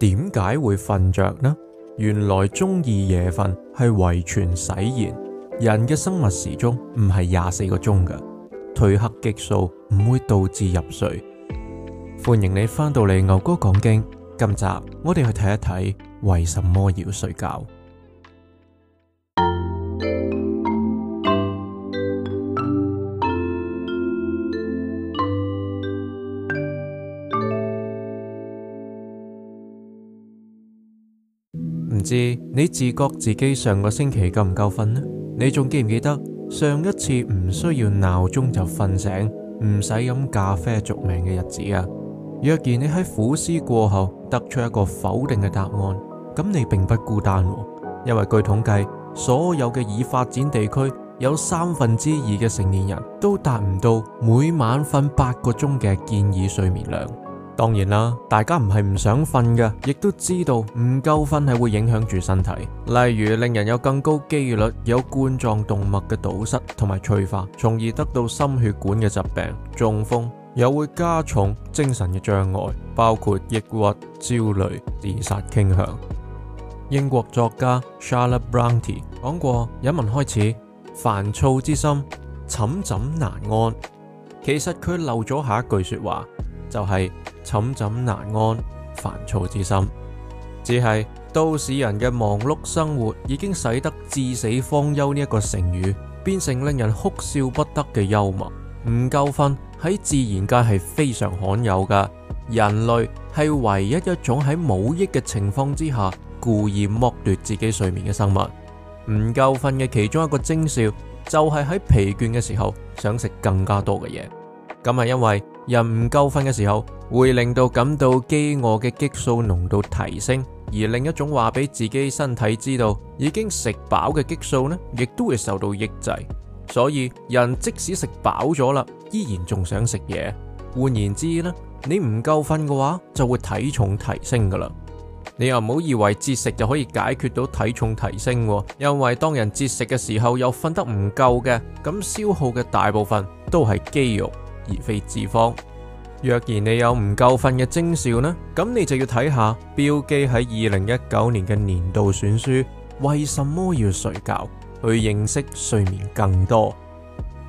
點解會瞓着呢？原來鍾意夜瞓係遺傳使然。人嘅生物時鐘唔係廿四個鐘㗎，褪黑激素唔會導致入睡。歡迎你返到嚟牛哥講經，今集我哋去睇一睇為什麼要睡覺。你自覺自己上個星期夠唔夠瞓呢？你仲記唔記得上一次唔需要鬧鐘就瞓醒，唔使飲咖啡續命嘅日子啊？若然你喺苦思過後，得出一個否定嘅答案，咁你並不孤單啊，因為據統計，所有嘅已發展地區有三分之二嘅成年人都達唔到每晚瞓八個鐘嘅建議睡眠量。當然啦，大家唔係唔想瞓嘅，亦都知道唔夠瞓係會影響住身體，例如令人有更高機率有冠狀動脈嘅堵塞同埋脆化，從而得到心血管嘅疾病、中風，又會加重精神嘅障礙，包括抑鬱、焦慮、自殺傾向。英國作家 Charlotte Bronte 講過：引文開始，煩躁之心，寢枕難安。其實佢漏咗下一句說話，就係、是。寢枕難安，煩躁之心，只係都市人嘅忙碌生活已經使得“至死方休”呢一個成語變成令人哭笑不得嘅幽默。唔夠瞓喺自然界係非常罕有噶，人類係唯一一種喺冇益嘅情況之下故意剝奪自己睡眠嘅生物。唔夠瞓嘅其中一個徵兆就係喺疲倦嘅時候想食更加多嘅嘢，咁係因為人唔夠瞓嘅時候，會令到感到飢餓嘅激素濃度提升，而另一種話俾自己身體知道已經食飽嘅激素呢，亦都會受到抑制。所以人即使食飽咗啦，依然仲想食嘢。換言之呢，你唔夠瞓嘅話，就會體重提升㗎喇。你又唔好以為節食就可以解決到體重提升，因為當人節食嘅時候又瞓得唔夠嘅，咁消耗嘅大部分都係肌肉而非脂肪。若然你有唔夠瞓嘅徵兆呢，咁你就要睇下比爾蓋茲喺二零一九年嘅年度選書，為什麼要睡覺？去認識睡眠更多。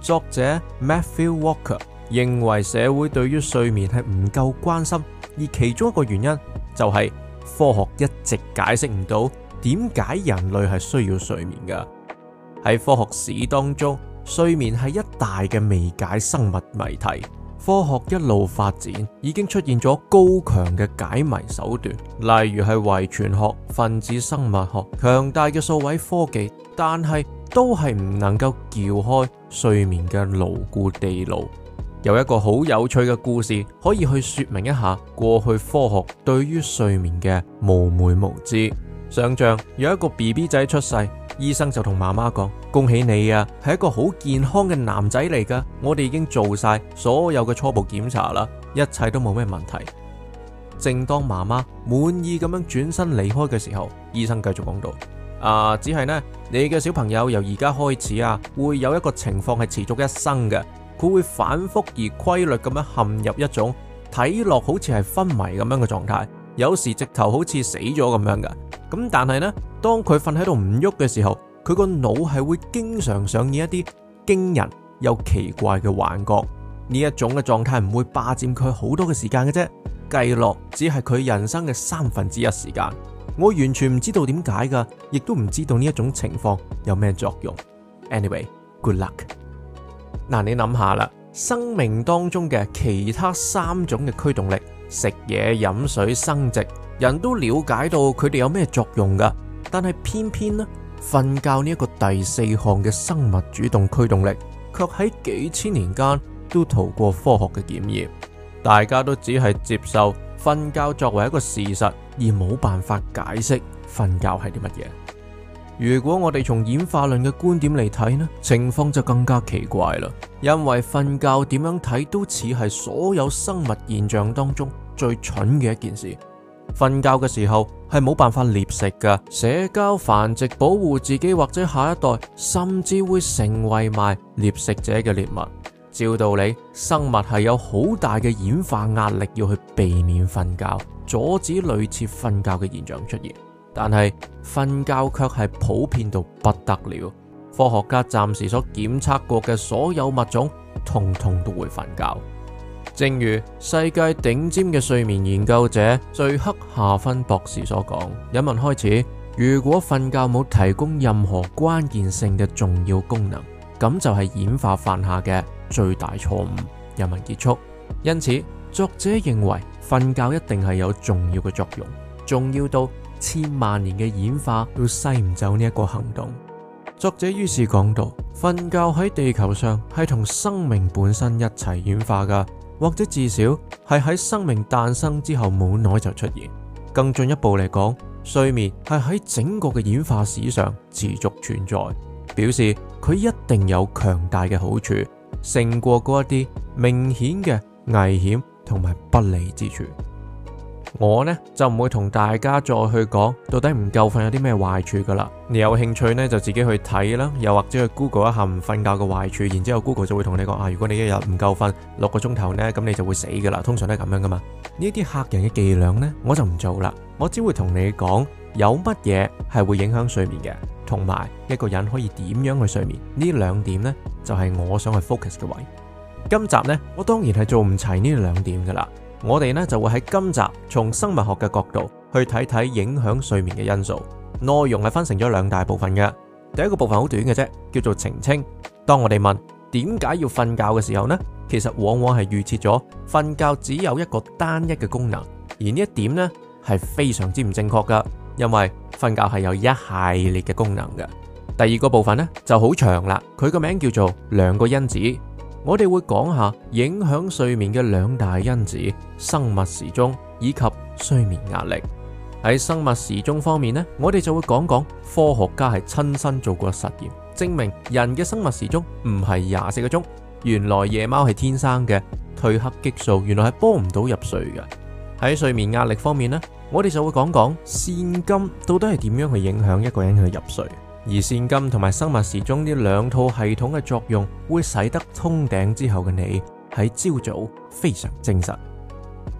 作者 Matthew Walker 認為社會對於睡眠係唔夠關心，而其中一個原因就係科學一直解釋唔到點解人類係需要睡眠㗎。喺科學史當中，睡眠係一大嘅未解生物謎題。科學一路發展，已經出現咗高強嘅解謎手段，例如係遺傳學、分子生物學、強大嘅數位科技，但係都係唔能夠撬開睡眠嘅牢固地牢。有一個好有趣嘅故事可以去說明一下過去科學對於睡眠嘅蒙昧無知。想象有一個 BB 仔出世，醫生就同媽媽講。恭喜你啊，係一個好健康嘅男仔嚟噶。我哋已經做晒所有嘅初步檢查啦，一切都冇咩問題。正當媽媽滿意咁樣轉身離開嘅時候，醫生繼續講到：啊，只係呢，你嘅小朋友由而家開始啊，會有一個情況係持續一生嘅，佢會反覆而規律咁樣陷入一種睇落好似係昏迷咁樣嘅狀態，有時直頭好似死咗咁樣噶。咁但係呢，當佢瞓喺度唔郁嘅時候。佢個腦係會經常上演一啲驚人又奇怪嘅幻覺，呢一種嘅狀態唔會霸佔佢好多嘅時間嘅啫，計落只係佢人生嘅三分之一時間。我完全唔知道點解㗎，亦都唔知道呢一種情況有咩作用。Anyway，good luck。嗱、呃，你諗下啦，生命當中嘅其他三種嘅驅動力，食嘢、飲水、生殖，人都了解到佢哋有咩作用㗎，但係偏偏呢？瞓覺呢一個第四項嘅生物主動驅動力，卻喺幾千年間都逃過科學嘅檢驗，大家都只係接受瞓覺作為一個事實，而冇辦法解釋瞓覺係啲乜嘢。如果我哋從演化論嘅觀點嚟睇呢，情況就更加奇怪啦，因為瞓覺點樣睇都似係所有生物現象當中最蠢嘅一件事。瞓覺嘅時候係冇辦法獵食㗎，社交、繁殖、保護自己或者下一代，甚至會成為埋獵食者嘅獵物。照道理，生物係有好大嘅演化壓力要去避免瞓覺，阻止類似瞓覺嘅現象出現。但係瞓覺卻係普遍到不得了，科學家暫時所檢測過嘅所有物種，通通都會瞓覺。正如世界頂尖嘅睡眠研究者、瑞赫夏芬博士所講，引文開始：如果瞓覺冇提供任何關鍵性嘅重要功能，咁就係演化犯下嘅最大錯誤。引文結束。因此，作者認為瞓覺一定係有重要嘅作用，重要到千萬年嘅演化都篩唔走呢一個行動。作者於是講到：瞓覺喺地球上係同生命本身一齊演化噶。或者至少係喺生命誕生之後冇耐就出現。更進一步嚟講，睡眠係喺整個嘅演化史上持續存在，表示佢一定有強大嘅好處，勝過嗰一啲明顯嘅危險同埋不利之處。我呢，就唔會同大家再去講到底唔夠瞓有啲咩壞處噶啦，你有興趣呢，就自己去睇啦，又或者去 Google 一下唔瞓覺嘅壞處，然之後 Google 就會同你講啊，如果你一日唔夠瞓六個鐘頭呢，咁你就會死噶啦，通常都係咁樣噶嘛。呢啲客人嘅伎倆呢，我就唔做啦，我只會同你講有乜嘢係會影響睡眠嘅，同埋一個人可以點樣去睡眠呢？兩點呢，就係我想去 focus 嘅位。今集呢，我當然係做唔齊呢兩點噶啦。我哋呢就會喺今集從生物學嘅角度去睇睇影響睡眠嘅因素。內容係分成咗兩大部分嘅。第一個部分好短嘅啫，叫做澄清。當我哋問點解要瞓覺嘅時候呢，其實往往係預設咗瞓覺只有一個單一嘅功能，而呢一點呢係非常之唔正確㗎，因為瞓覺係有一系列嘅功能嘅。第二個部分呢就好長啦，佢個名叫做兩個因子。我哋會講下影響睡眠嘅兩大因子：生物時鐘以及睡眠壓力。喺生物時鐘方面呢，我哋就會講講科學家係親身做過實驗，證明人嘅生物時鐘唔係廿四個鐘。原來夜貓係天生嘅，褪黑激素原來係幫唔到入睡嘅。喺睡眠壓力方面呢，我哋就會講講腺苷到底係點樣去影響一個人去入睡。而腺苷同埋生物時鐘呢兩套系統嘅作用，會使得通頂之後嘅你喺朝早非常精神。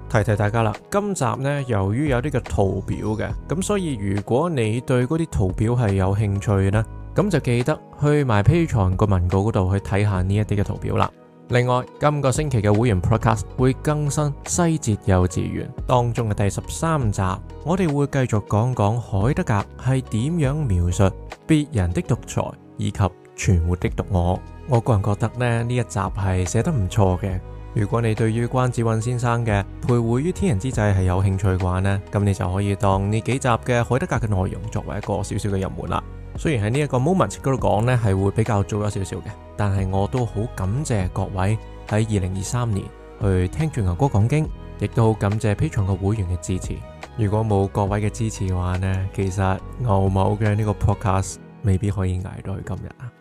提提大家啦，今集呢，由於有啲嘅圖表嘅，咁所以如果你對嗰啲圖表係有興趣呢，咁就記得去埋 Patreon 個文稿嗰度去睇下呢一啲嘅圖表啦。另外，今個星期嘅會員 Podcast 會更新《西哲幼稚園》當中嘅第十三集，我哋會繼續講講海德格係點樣描述。別人的獨裁以及存活的獨我，我個人覺得呢呢一集係寫得唔錯嘅。如果你對於關子允先生嘅《徘徊於天人之際》係有興趣嘅話呢咁你就可以當呢幾集嘅海德格嘅內容作為一個少少嘅入門啦。雖然喺呢一個 moment 嗰度講呢係會比較早咗少少嘅，但係我都好感謝各位喺二零二三年去聽全牛哥講經，亦都好感謝 Patreon 嘅會員嘅支持。如果冇各位嘅支持嘅話咧，其實牛某嘅呢個 podcast 未必可以捱到今日啊！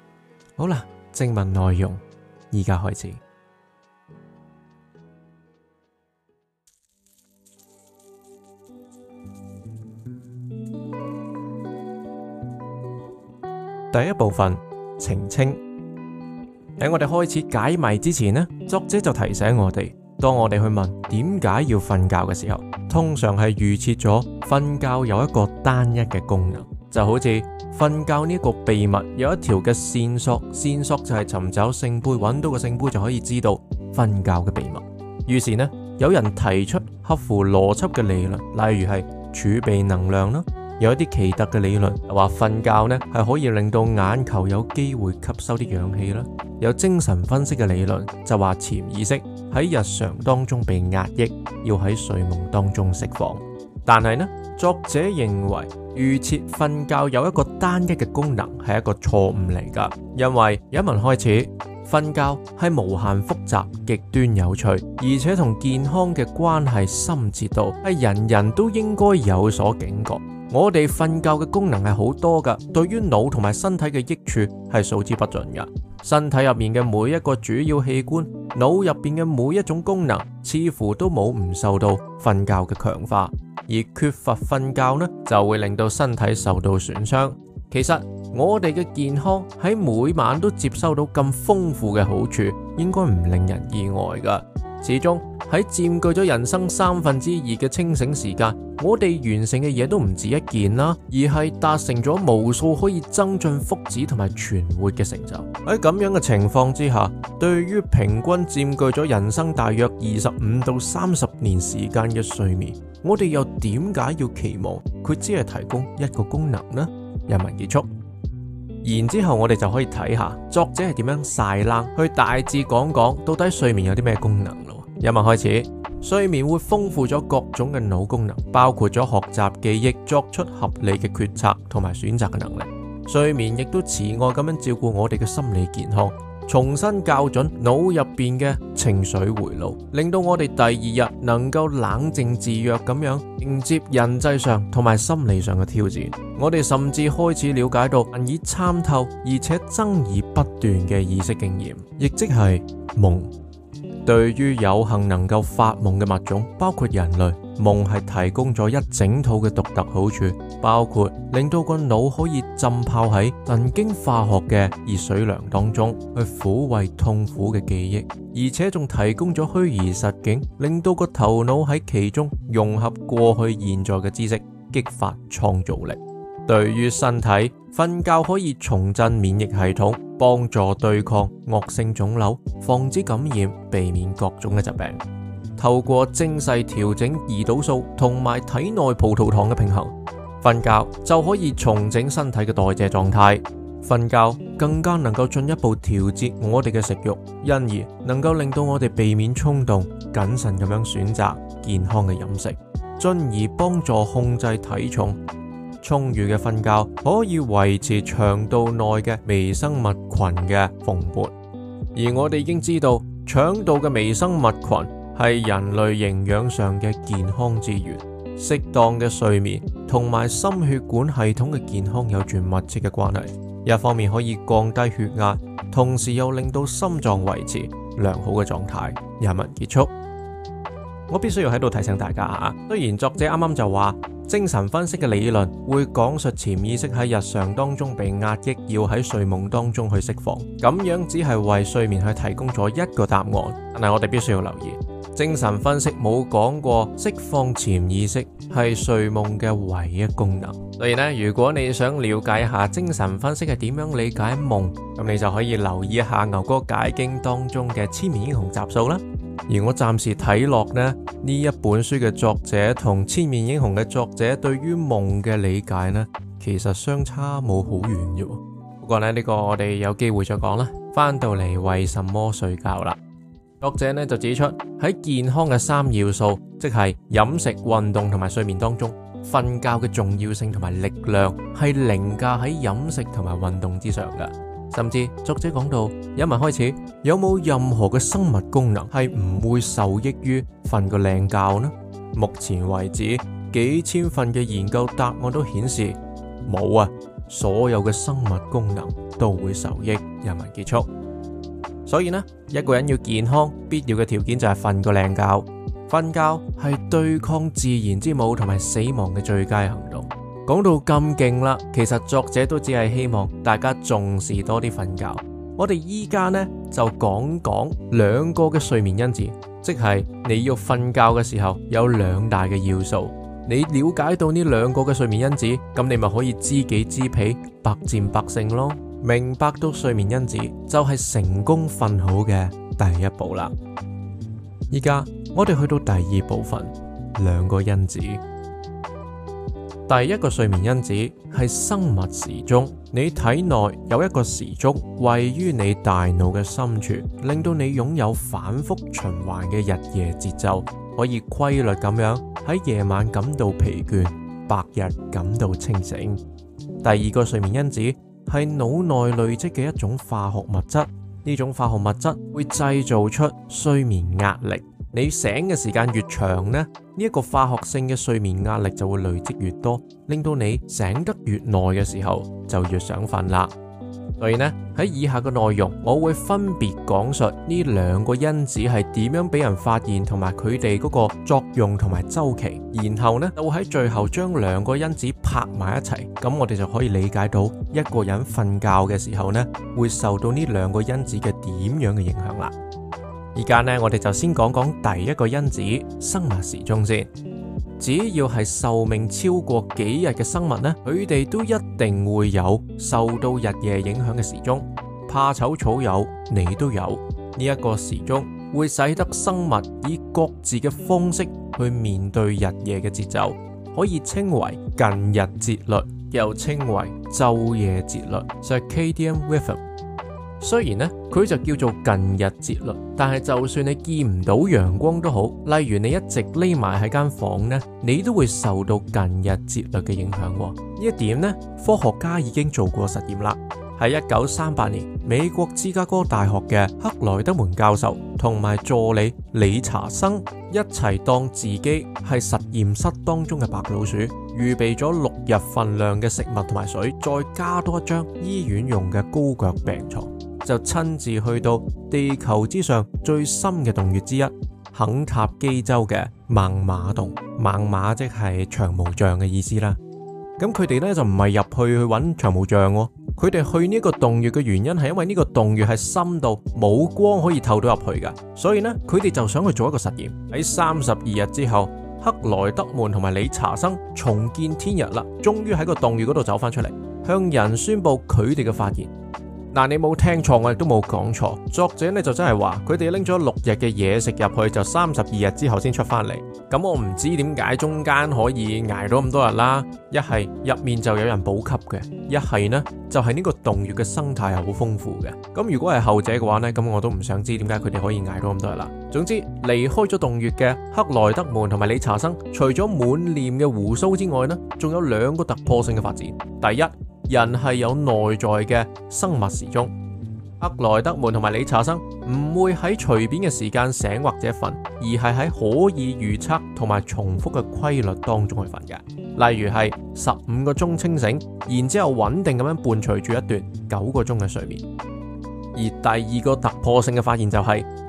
好啦，正文內容依家開始。第一部分澄清。喺我哋開始解謎之前咧，作者就提醒我哋。當我哋去問點解要瞓覺嘅時候，通常係預設咗瞓覺有一個單一嘅功能，就好似瞓覺呢個秘密有一條嘅線索，線索就係尋找聖杯，揾到個聖杯就可以知道瞓覺嘅秘密。於是呢，有人提出合乎邏輯嘅理論，例如係儲備能量啦，有一啲奇特嘅理論又話瞓覺呢係可以令到眼球有機會吸收啲氧氣啦。有精神分析嘅理論就話潛意識，喺日常當中被壓抑，要喺睡夢當中釋放。但係呢，作者認為預設瞓覺有一個單一嘅功能係一個錯誤嚟噶。因為有一文開始，瞓覺係無限複雜、極端有趣，而且同健康嘅關係深切到係人人都應該有所警覺。我哋瞓覺嘅功能係好多噶，對於腦同埋身體嘅益處係數之不盡噶。身體入面嘅每一個主要器官，腦入邊嘅每一種功能，似乎都冇唔受到瞓覺嘅強化，而缺乏瞓覺呢，就會令到身體受到損傷。其實我哋嘅健康喺每晚都接收到咁豐富嘅好處，應該唔令人意外㗎。始終喺佔據咗人生三分之二嘅清醒時間，我哋完成嘅嘢都唔止一件啦，而係達成咗無數可以增進福祉同埋存活嘅成就。喺咁樣嘅情況之下，對於平均佔據咗人生大約二十五到三十年時間嘅睡眠，我哋又點解要期望佢只係提供一個功能呢？引文結束。然之後，我哋就可以睇下作者係點樣晒冷，去大致講講到底睡眠有啲咩功能咯。一開始，睡眠會豐富咗各種嘅腦功能，包括咗學習記憶、作出合理嘅決策同埋選擇嘅能力。睡眠亦都慈愛咁樣照顧我哋嘅心理健康。重新校準腦入邊嘅情緒回路，令到我哋第二日能夠冷靜自若咁樣迎接人際上同埋心理上嘅挑戰。我哋甚至開始了解到難以參透而且爭議不斷嘅意識經驗，亦即係夢。對於有幸能夠發夢嘅物種，包括人類。夢係提供咗一整套嘅獨特好處，包括令到個腦可以浸泡喺神經化學嘅熱水涼當中去撫慰痛苦嘅記憶，而且仲提供咗虛擬實境，令到個頭腦喺其中融合過去、現在嘅知識，激發創造力。對於身體，瞓覺可以重振免疫系統，幫助對抗惡性腫瘤，防止感染，避免各種嘅疾病。透過精細調整胰島素同埋體內葡萄糖嘅平衡，瞓覺就可以重整身體嘅代謝狀態。瞓覺更加能夠進一步調節我哋嘅食欲，因而能夠令到我哋避免衝動，謹慎咁樣選擇健康嘅飲食，進而幫助控制體重。充裕嘅瞓覺可以維持腸道內嘅微生物群嘅蓬勃，而我哋已經知道腸道嘅微生物群係人類營養上嘅健康資源，適當嘅睡眠同埋心血管系統嘅健康有住密切嘅關係。一方面可以降低血壓，同時又令到心臟維持良好嘅狀態。引文結束，我必須要喺度提醒大家啊，雖然作者啱啱就話精神分析嘅理論會講述潛意識喺日常當中被壓抑，要喺睡夢當中去釋放，咁樣只係為睡眠去提供咗一個答案。但係我哋必須要留意。精神分析冇講過釋放潛意識係睡夢嘅唯一功能，所以呢，如果你想了解下精神分析係點樣理解夢，咁你就可以留意一下牛哥解經當中嘅《千面英雄》集數啦。而我暫時睇落呢，呢一本書嘅作者同《千面英雄》嘅作者對於夢嘅理解呢，其實相差冇好遠啫。不過呢，呢個我哋有機會再講啦。返到嚟，為什麼睡覺啦？作者呢就指出喺健康嘅三要素，即係飲食、運動同埋睡眠當中，瞓覺嘅重要性同埋力量係凌駕喺飲食同埋運動之上嘅。甚至作者講到，有問開始有冇任何嘅生物功能係唔會受益於瞓個靚覺呢？目前為止，幾千份嘅研究答案都顯示冇啊，所有嘅生物功能都會受益。人民結束。所以呢，一個人要健康，必要嘅條件就係瞓個靚覺。瞓覺係對抗自然之母同埋死亡嘅最佳行動。講到咁勁啦，其實作者都只係希望大家重視多啲瞓覺。我哋依家呢就講講兩個嘅睡眠因子，即係你要瞓覺嘅時候有兩大嘅要素。你了解到呢兩個嘅睡眠因子，咁你咪可以知己知彼，百戰百勝咯。明白到睡眠因子就係成功瞓好嘅第一步啦。依家我哋去到第二部分，兩個因子。第一個睡眠因子係生物時鐘，你體內有一個時鐘位於你大腦嘅深處，令到你擁有反覆循環嘅日夜節奏，可以規律咁樣喺夜晚感到疲倦，白日感到清醒。第二個睡眠因子。係腦內累積嘅一種化學物質，呢種化學物質會製造出睡眠壓力。你醒嘅時間越長呢，呢一個化學性嘅睡眠壓力就會累積越多，令到你醒得越耐嘅時候就越想瞓啦。所以呢，喺以下嘅內容，我會分別講述呢兩個因子係點樣俾人發現，同埋佢哋嗰個作用同埋周期。然後呢，就會喺最後將兩個因子拍埋一齊，咁我哋就可以理解到一個人瞓覺嘅時候呢，會受到呢兩個因子嘅點樣嘅影響啦。而家呢，我哋就先講講第一個因子生物時鐘先。只要係壽命超過幾日嘅生物呢，佢哋都一定會有受到日夜影響嘅時鐘。怕醜草有，你都有呢一，這個時鐘，會使得生物以各自嘅方式去面對日夜嘅節奏，可以稱為近日節律，又稱為晝夜節律，就係 circadian rhythm 雖然咧，佢就叫做近日節律，但係就算你見唔到陽光都好，例如你一直匿埋喺間房呢，你都會受到近日節律嘅影響哦。呢一點呢，科學家已經做過實驗啦。喺一九三八年，美國芝加哥大學嘅克萊德門教授同埋助理理查生一齊當自己係實驗室當中嘅白老鼠，預備咗六日份量嘅食物同埋水，再加多一張醫院用嘅高腳病床。就親自去到地球之上最深嘅洞穴之一，肯塔基州嘅孟馬洞，孟馬即係長毛象嘅意思啦。咁佢哋呢，就唔係入去去揾長毛象喎。佢哋去呢一個洞穴嘅原因係因為呢個洞穴係深到冇光可以透到入去嘅，所以呢，佢哋就想去做一個實驗。喺三十二日之後，克萊德曼同埋理查生重見天日啦，終於喺個洞穴嗰度走翻出嚟，向人宣布佢哋嘅發現。但你冇聽錯，我亦都冇講錯。作者咧，就真係話，佢哋拎咗六日嘅嘢食，入去就三十二日之後先出翻嚟。咁我唔知點解中間可以挨到咁多日啦。一係入面就有人補給嘅，一係呢就係呢個洞穴嘅生態係好豐富嘅。咁如果係後者嘅話呢，咁我都唔想知點解佢哋可以挨到咁多日啦。總之離開咗洞穴嘅克萊德門同埋理查生，除咗滿臉嘅鬍鬚之外呢，仲有兩個突破性嘅發展。第一。人係有內在嘅生物時鐘，克萊德門同埋理查生唔會喺隨便嘅時間醒或者瞓，而係喺可以預測同埋重複嘅規律當中去瞓嘅。例如係十五個鐘清醒，然之後穩定咁樣伴隨住一段九個鐘嘅睡眠。而第二個突破性嘅發現就係、是。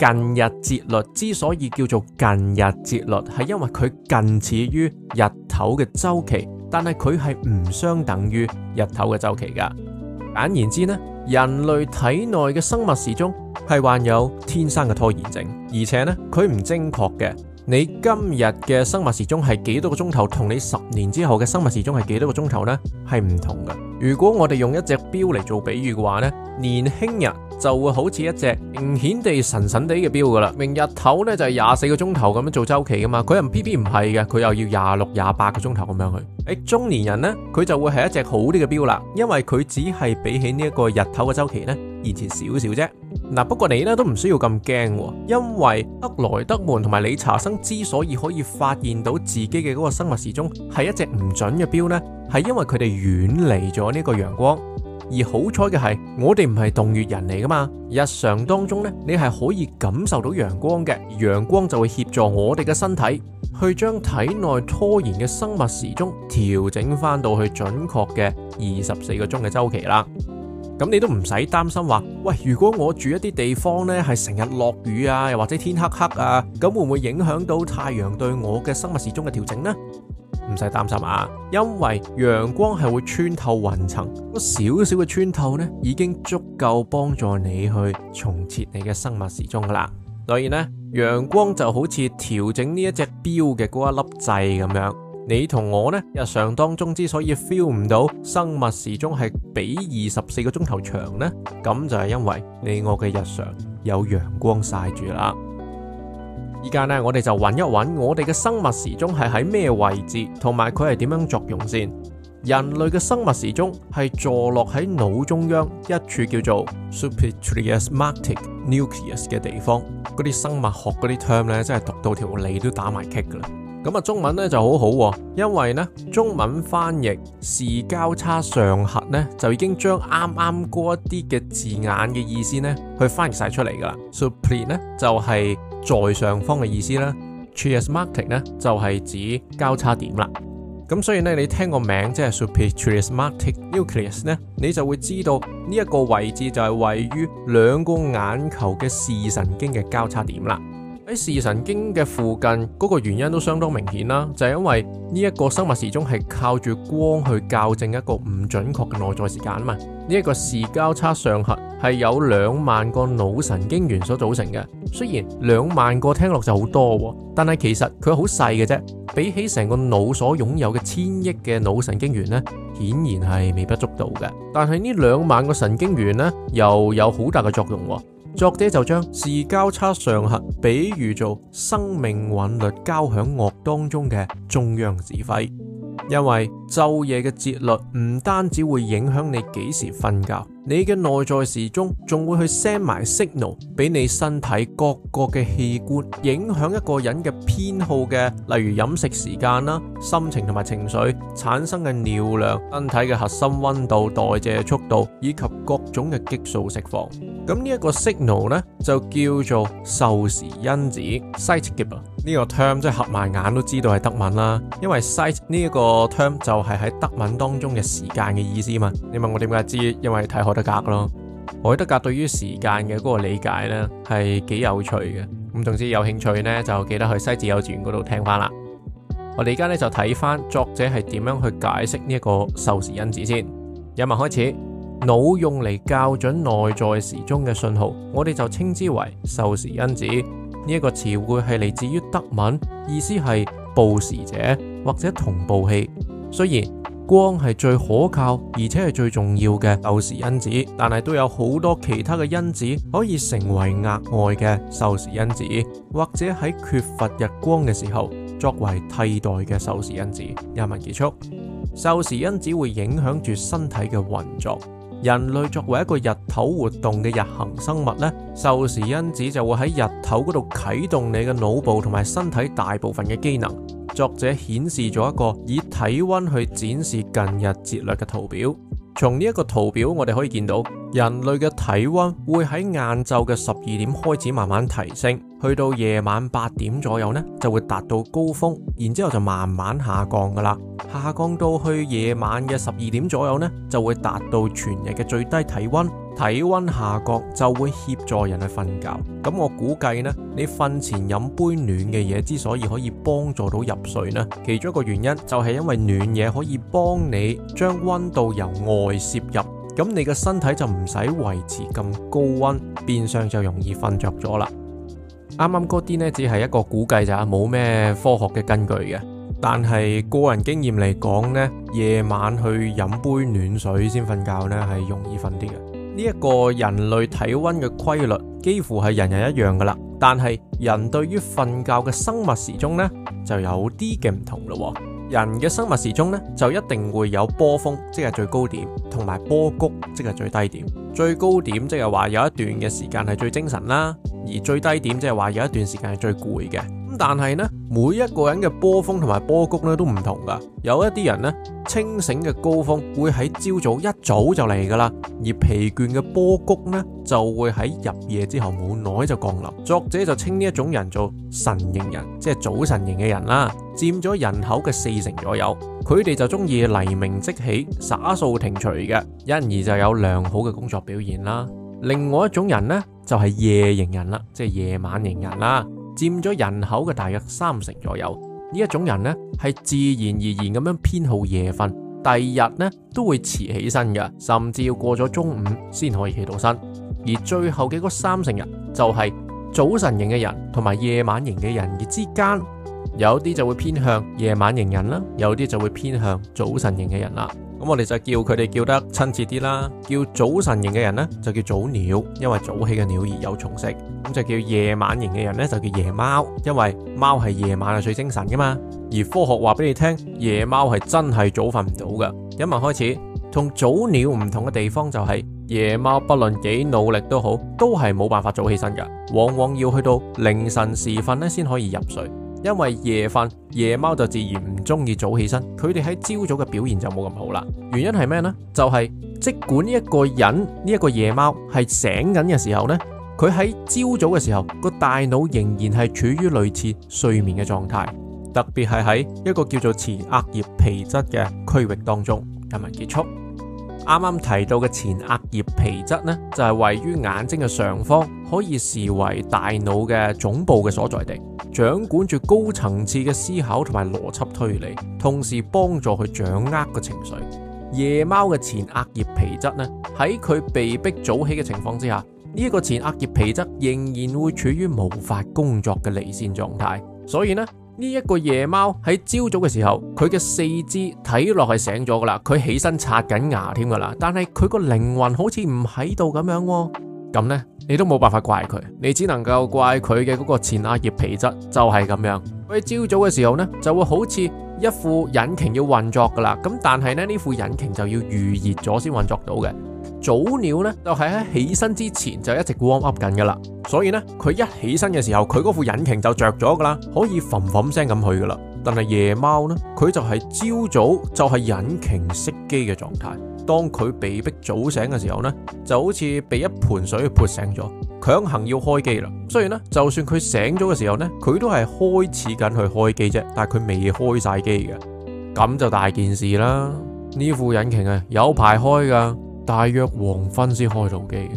近日節律之所以叫做近日節律，係因為佢近似於日頭嘅週期，但係佢係唔相等於日頭嘅週期㗎。簡言之呢，人類體內嘅生物時鐘係患有天生嘅拖延症，而且呢佢唔精確嘅。你今日嘅生物時鐘係幾多個鐘頭？同你十年之後嘅生物時鐘係幾多個鐘頭呢？係唔同嘅。如果我哋用一隻錶嚟做比喻嘅話呢，年輕人就會好似一隻明顯地神神地嘅錶噶啦，明日頭呢，就係廿四個鐘頭咁樣做周期噶嘛。佢又唔偏偏唔係嘅，佢又要廿六、廿八個鐘頭咁樣去。誒，中年人呢，佢就會係一隻好啲嘅錶啦，因為佢只係比起呢一個日頭嘅周期呢，延遲少少啫。嗱，不過你咧都唔需要咁驚，因為德萊德門同埋理查生之所以可以發現到自己嘅嗰個生物時鐘係一隻唔準嘅表呢，係因為佢哋遠離咗呢個陽光。而好彩嘅係，我哋唔係洞穴人嚟噶嘛，日常當中呢，你係可以感受到陽光嘅，陽光就會協助我哋嘅身體去將體內拖延嘅生物時鐘調整翻到去準確嘅二十四個鐘嘅周期啦。咁你都唔使擔心話，喂，如果我住一啲地方呢，係成日落雨啊，又或者天黑黑啊，咁會唔會影響到太陽對我嘅生物時鐘嘅調整呢？唔使擔心啊，因為陽光係會穿透雲層，少少嘅穿透呢，已經足夠幫助你去重設你嘅生物時鐘噶啦。所以呢，陽光就好似調整呢一隻錶嘅嗰一粒掣咁樣。你同我呢日常當中之所以 feel 唔到生物時鐘係比二十四個鐘頭長呢？咁就係因為你我嘅日常有陽光晒住啦。依家呢，我哋就揾一揾我哋嘅生物時鐘係喺咩位置，同埋佢係點樣作用先？人類嘅生物時鐘係坐落喺腦中央一處叫做 s u p r t r h i a s m a t i c nucleus 嘅地方，嗰啲生物學嗰啲 term 呢，真係讀到條脷都打埋棘 i c 噶啦。咁啊，中文咧就好好、啊，因為咧中文翻譯視交叉上核呢，就已經將啱啱嗰一啲嘅字眼嘅意思呢，去翻譯晒出嚟噶啦。Supra 呢，就係、是、在上方嘅意思啦 chiasmatic 呢，就係、是、指交叉點啦。咁、嗯、所以呢，你聽個名即係、就是、suprachiasmatic nucleus 咧，你就會知道呢一個位置就係位於兩個眼球嘅視神經嘅交叉點啦。喺視神經嘅附近，嗰、那個原因都相當明顯啦，就係、是、因為呢一個生物時鐘係靠住光去校正一個唔準確嘅內在時間啊嘛。呢、這、一個視交叉上核係有兩萬個腦神經元所組成嘅，雖然兩萬個聽落就好多喎，但係其實佢好細嘅啫，比起成個腦所擁有嘅千億嘅腦神經元呢，顯然係微不足道嘅。但係呢兩萬個神經元呢，又有好大嘅作用喎、啊。作者就將視交叉上核比喻做生命韻律交響樂當中嘅中央指揮，因為晝夜嘅節律唔單止會影響你幾時瞓覺，你嘅內在時鐘仲會去 send 埋 signal 俾你身體各個嘅器官，影響一個人嘅偏好嘅，例如飲食時間啦、心情同埋情緒產生嘅尿量、身體嘅核心溫度、代謝速度以及各種嘅激素釋放。咁呢一個 signal 咧就叫做授時因子，Zeitgeber 呢個 term 真係合埋眼都知道係德文啦，因為 Zeit 呢一個 term 就係喺德文當中嘅時間嘅意思嘛。你問我點解知？因為睇海德格咯，海德格對於時間嘅嗰個理解咧係幾有趣嘅。咁總之有興趣咧就記得去西子幼稚園嗰度聽翻啦。我哋而家咧就睇翻作者係點樣去解釋呢一個授時因子先。有冇開始？腦用嚟校準內在時鐘嘅信號，我哋就稱之為授時因子。呢、這、一個詞彙係嚟自於德文，意思係報時者或者同步器。雖然光係最可靠而且係最重要嘅授時因子，但係都有好多其他嘅因子可以成為額外嘅授時因子，或者喺缺乏日光嘅時候作為替代嘅授時因子。一文結束，授時因子會影響住身體嘅運作。人類作為一個日頭活動嘅日行生物呢，授時因子就會喺日頭嗰度啟動你嘅腦部同埋身體大部分嘅機能。作者顯示咗一個以體溫去展示近日節律嘅圖表。從呢一個圖表，我哋可以見到。人類嘅體溫會喺晏晝嘅十二點開始慢慢提升，去到夜晚八點左右呢，就會達到高峰，然之後就慢慢下降噶啦。下降到去夜晚嘅十二點左右呢，就會達到全日嘅最低體溫。體溫下降就會協助人去瞓覺。咁我估計呢，你瞓前飲杯暖嘅嘢，之所以可以幫助到入睡呢，其中一個原因就係因為暖嘢可以幫你將溫度由外攝入。咁你嘅身體就唔使維持咁高溫，變相就容易瞓着咗啦。啱啱嗰啲呢，只係一個估計咋，冇咩科學嘅根據嘅。但係個人經驗嚟講呢，夜晚去飲杯暖水先瞓覺呢，係容易瞓啲嘅。呢一個人類體溫嘅規律幾乎係人人一樣噶啦但係人對於瞓覺嘅生物時鐘呢，就有啲嘅唔同咯。人嘅生物時鐘呢，就一定會有波峰，即係最高點，同埋波谷，即係最低點。最高點即係話有一段嘅時間係最精神啦，而最低點即係話有一段時間係最攰嘅。但係呢，每一個人嘅波峰同埋波谷呢，都唔同噶。有一啲人呢，清醒嘅高峰會喺朝早一早就嚟噶啦，而疲倦嘅波谷呢就會喺入夜之後冇耐就降臨。作者就稱呢一種人做晨型人，即係早晨型嘅人啦，佔咗人口嘅四成左右。佢哋就中意黎明即起，灑掃庭除嘅，因而就有良好嘅工作表現啦。另外一種人呢就係夜型人啦，即係夜晚型人啦。佔咗人口嘅大約三成左右，呢一種人呢，係自然而然咁樣偏好夜瞓，第二日呢，都會遲起身㗎，甚至要過咗中午先可以起到身。而最後嘅嗰三成人就係早晨型嘅人同埋夜晚型嘅人而之間，有啲就會偏向夜晚型人啦，有啲就會偏向早晨型嘅人啦。咁我哋就叫佢哋叫得親切啲啦，叫早晨型嘅人呢，就叫早鳥，因為早起嘅鳥兒有蟲食。咁就叫夜晚型嘅人呢，就叫夜貓，因為貓係夜晚係最精神噶嘛。而科學話俾你聽，夜貓係真係早瞓唔到噶。一為開始同早鳥唔同嘅地方就係，是，夜貓不論幾努力都好，都係冇辦法早起身噶，往往要去到凌晨時分呢，先可以入睡。因為夜瞓，夜貓就自然唔中意早起身，佢哋喺朝早嘅表現就冇咁好啦。原因係咩呢？就係，即管呢一個人呢一個夜貓係醒緊嘅時候呢，佢喺朝早嘅時候，個大腦仍然係處於類似睡眠嘅狀態，特別係喺一個叫做前額葉皮質嘅區域當中。今日結束。啱啱提到嘅前額葉皮質呢，就係、是、位於眼睛嘅上方，可以視為大腦嘅總部嘅所在地，掌管住高層次嘅思考同埋邏輯推理，同時幫助佢掌握個情緒。夜貓嘅前額葉皮質呢，喺佢被迫早起嘅情況之下，呢、這、一個前額葉皮質仍然會處於無法工作嘅離線狀態，所以呢，呢一個夜貓喺朝早嘅時候，佢嘅四肢睇落係醒咗噶啦，佢起身刷緊牙添噶啦，但係佢個靈魂好似唔喺度咁樣，哦。咁呢，你都冇辦法怪佢，你只能夠怪佢嘅嗰個前額葉皮質就係咁樣。佢朝早嘅時候呢，就會好似一副引擎要運作噶啦，咁但係呢，呢副引擎就要預熱咗先運作到嘅。早鳥呢就係喺起身之前就一直 warm up 緊噶啦，所以呢，佢一起身嘅時候，佢嗰副引擎就着咗噶啦，可以嗡嗡聲咁去噶啦。但係夜貓呢，佢就係朝早就係引擎熄機嘅狀態。當佢被迫早醒嘅時候呢，就好似被一盆水潑醒咗，強行要開機啦。雖然呢，就算佢醒咗嘅時候呢，佢都係開始緊去開機啫，但係佢未開曬機嘅，咁就大件事啦。呢副引擎啊，有排開噶。大約黃昏先開到機嘅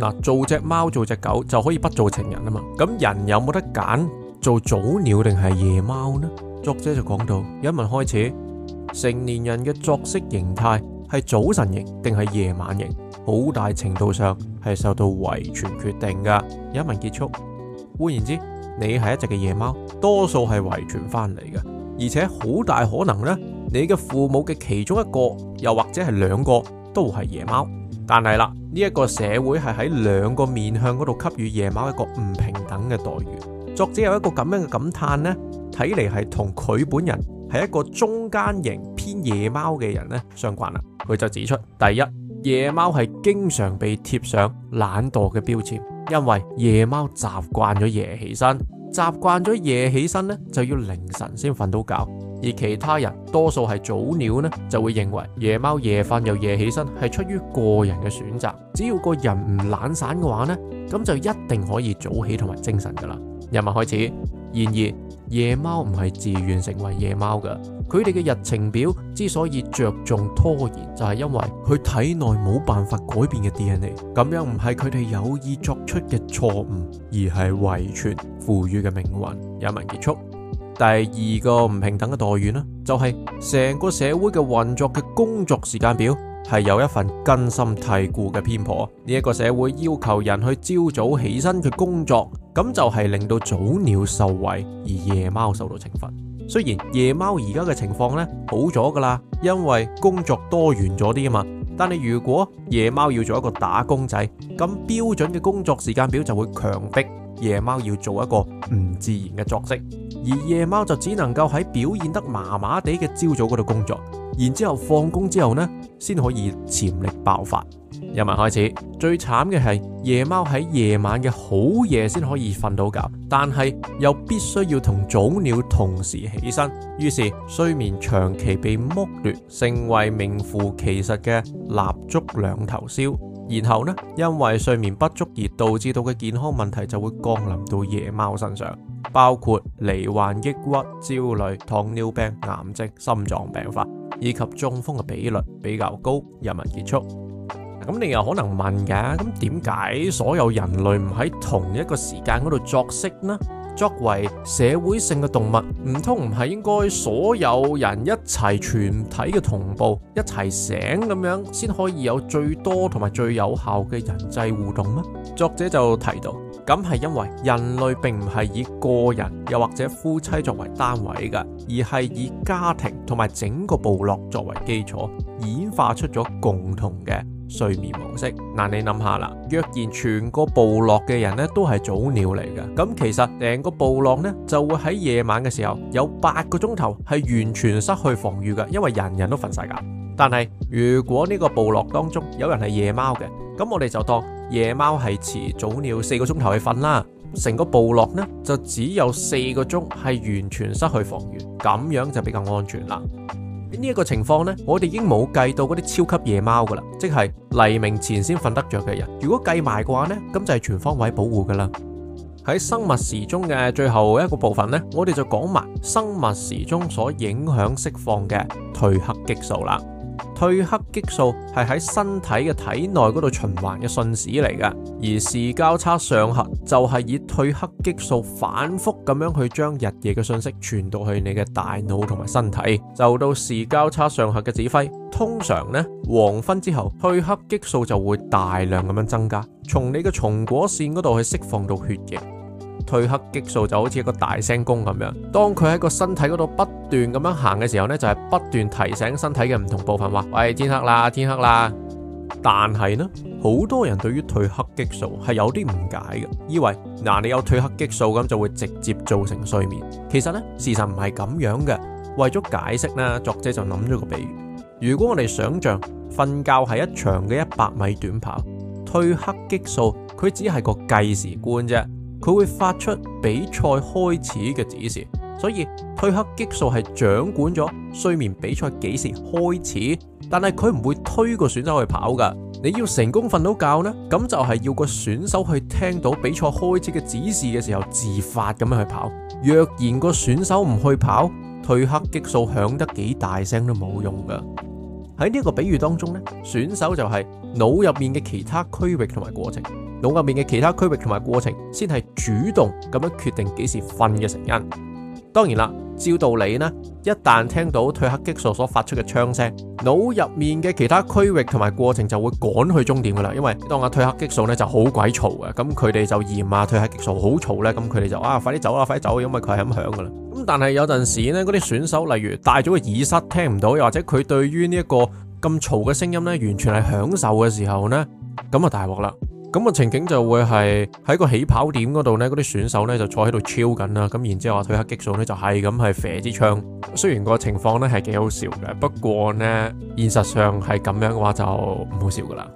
嗱，做隻貓做隻狗就可以不做情人啊嘛。咁人有冇得揀做早鳥定係夜貓呢？作者就講到：有一問開始，成年人嘅作息形態係早晨型定係夜晚型，好大程度上係受到遺傳決定噶。有一問結束，換言之，你係一隻嘅夜貓，多數係遺傳翻嚟嘅，而且好大可能呢，你嘅父母嘅其中一個又或者係兩個都係夜貓，但係啦，呢一個社會係喺兩個面向嗰度給予夜貓一個唔平等嘅待遇。作者有一個咁樣嘅感嘆呢，睇嚟係同佢本人係一個中間型偏夜貓嘅人呢，相關啦。佢就指出，第一，夜貓係經常被貼上懶惰嘅標籤，因為夜貓習慣咗夜起身，習慣咗夜起身呢，就要凌晨先瞓到覺。而其他人多數係早鳥呢，就會認為夜貓夜瞓又夜起身係出於個人嘅選擇，只要個人唔懶散嘅話呢，咁就一定可以早起同埋精神噶啦。日文開始。然而夜貓唔係自願成為夜貓噶，佢哋嘅日程表之所以着重拖延，就係因為佢體內冇辦法改變嘅 DNA。咁樣唔係佢哋有意作出嘅錯誤，而係遺傳賦予嘅命運。日文結束。第二個唔平等嘅待遇呢，就係成個社會嘅運作嘅工作時間表係有一份根深蒂固嘅偏頗。呢一個社會要求人去朝早起身去工作，咁就係令到早鳥受惠，而夜貓受到懲罰。雖然夜貓而家嘅情況呢好咗噶啦，因為工作多元咗啲啊嘛，但係如果夜貓要做一個打工仔，咁標準嘅工作時間表就會強迫。夜貓要做一個唔自然嘅作息，而夜貓就只能夠喺表現得麻麻地嘅朝早嗰度工作，然之後放工之後呢，先可以潛力爆發。今日文開始，最慘嘅係夜貓喺夜晚嘅好夜先可以瞓到覺，但係又必須要同早鳥同時起身，於是睡眠長期被剝奪，成為名副其實嘅蠟燭兩頭燒。然後呢，因為睡眠不足而導致到嘅健康問題就會降臨到夜貓身上，包括罹患抑鬱、焦慮、糖尿病、癌症、心臟病發，以及中風嘅比率比較高。今日文結束。咁你又可能問嘅咁，點解所有人類唔喺同一個時間嗰度作息呢？作為社會性嘅動物，唔通唔係應該所有人一齊、全體嘅同步一齊醒咁樣先可以有最多同埋最有效嘅人際互動嗎？作者就提到咁係因為人類並唔係以個人又或者夫妻作為單位㗎，而係以家庭同埋整個部落作為基礎演化出咗共同嘅睡眠模式，嗱，啊，你諗下啦，若然全個部落嘅人呢都係早鳥嚟嘅，咁其實成個部落呢就會喺夜晚嘅時候有八個鐘頭係完全失去防禦嘅，因為人人都瞓晒覺。但係如果呢個部落當中有人係夜貓嘅，咁我哋就當夜貓係遲早鳥四個鐘頭去瞓啦，成個部落呢就只有四個鐘係完全失去防禦，咁樣就比較安全啦。呢一個情況呢，我哋已經冇計到嗰啲超級夜貓噶啦，即係黎明前先瞓得着嘅人。如果計埋嘅話呢，咁就係全方位保護噶啦。喺生物時鐘嘅最後一個部分呢，我哋就講埋生物時鐘所影響釋放嘅褪黑激素啦。褪黑激素係喺身體嘅體內嗰度循環嘅信使嚟嘅，而視交叉上核就係以褪黑激素反復咁樣去將日夜嘅信息傳到去你嘅大腦同埋身體，就到視交叉上核嘅指揮。通常呢，黃昏之後，褪黑激素就會大量咁樣增加，從你嘅松果腺嗰度去釋放到血液。褪黑激素就好似一個大聲公咁樣，當佢喺個身體嗰度不斷咁樣行嘅時候呢，就係、是、不斷提醒身體嘅唔同部分話，喂，天黑啦，天黑啦！但係呢，好多人對於褪黑激素係有啲誤解嘅，以為嗱，你有褪黑激素咁就會直接造成睡眠。其實呢，事實唔係咁樣嘅。為咗解釋呢，作者就諗咗個比喻，如果我哋想象瞓覺係一場嘅一百米短跑，褪黑激素佢只係個計時官啫。佢會發出比賽開始嘅指示，所以褪黑激素係掌管咗睡眠比賽幾時開始。但係佢唔會推個選手去跑噶。你要成功瞓到覺呢？咁就係要個選手去聽到比賽開始嘅指示嘅時候，自發咁樣去跑。若然個選手唔去跑，褪黑激素響得幾大聲都冇用噶。喺呢個比喻當中呢，選手就係腦入面嘅其他區域同埋過程。腦入面嘅其他區域同埋過程，先係主動咁樣決定幾時瞓嘅成因。當然啦，照道理呢，一旦聽到褪黑激素所發出嘅槍聲，腦入面嘅其他區域同埋過程就會趕去終點噶啦。因為當阿褪黑激素咧就好鬼嘈呀，咁佢哋就嫌啊褪黑激素好嘈咧，咁佢哋就啊快啲走啊快啲走，因為佢係咁響噶啦。咁但係有陣時呢，嗰啲選手例如戴咗個耳塞聽唔到，又或者佢對於呢一個咁嘈嘅聲音咧，完全係享受嘅時候呢，咁啊大鑊啦。咁個情景就會係喺個起跑點嗰度呢。嗰啲選手呢，就坐喺度超緊啦。咁然之後褪黑激素呢，就係咁係射支槍。雖然個情況呢係幾好笑嘅，不過呢，現實上係咁樣嘅話就唔好笑噶啦。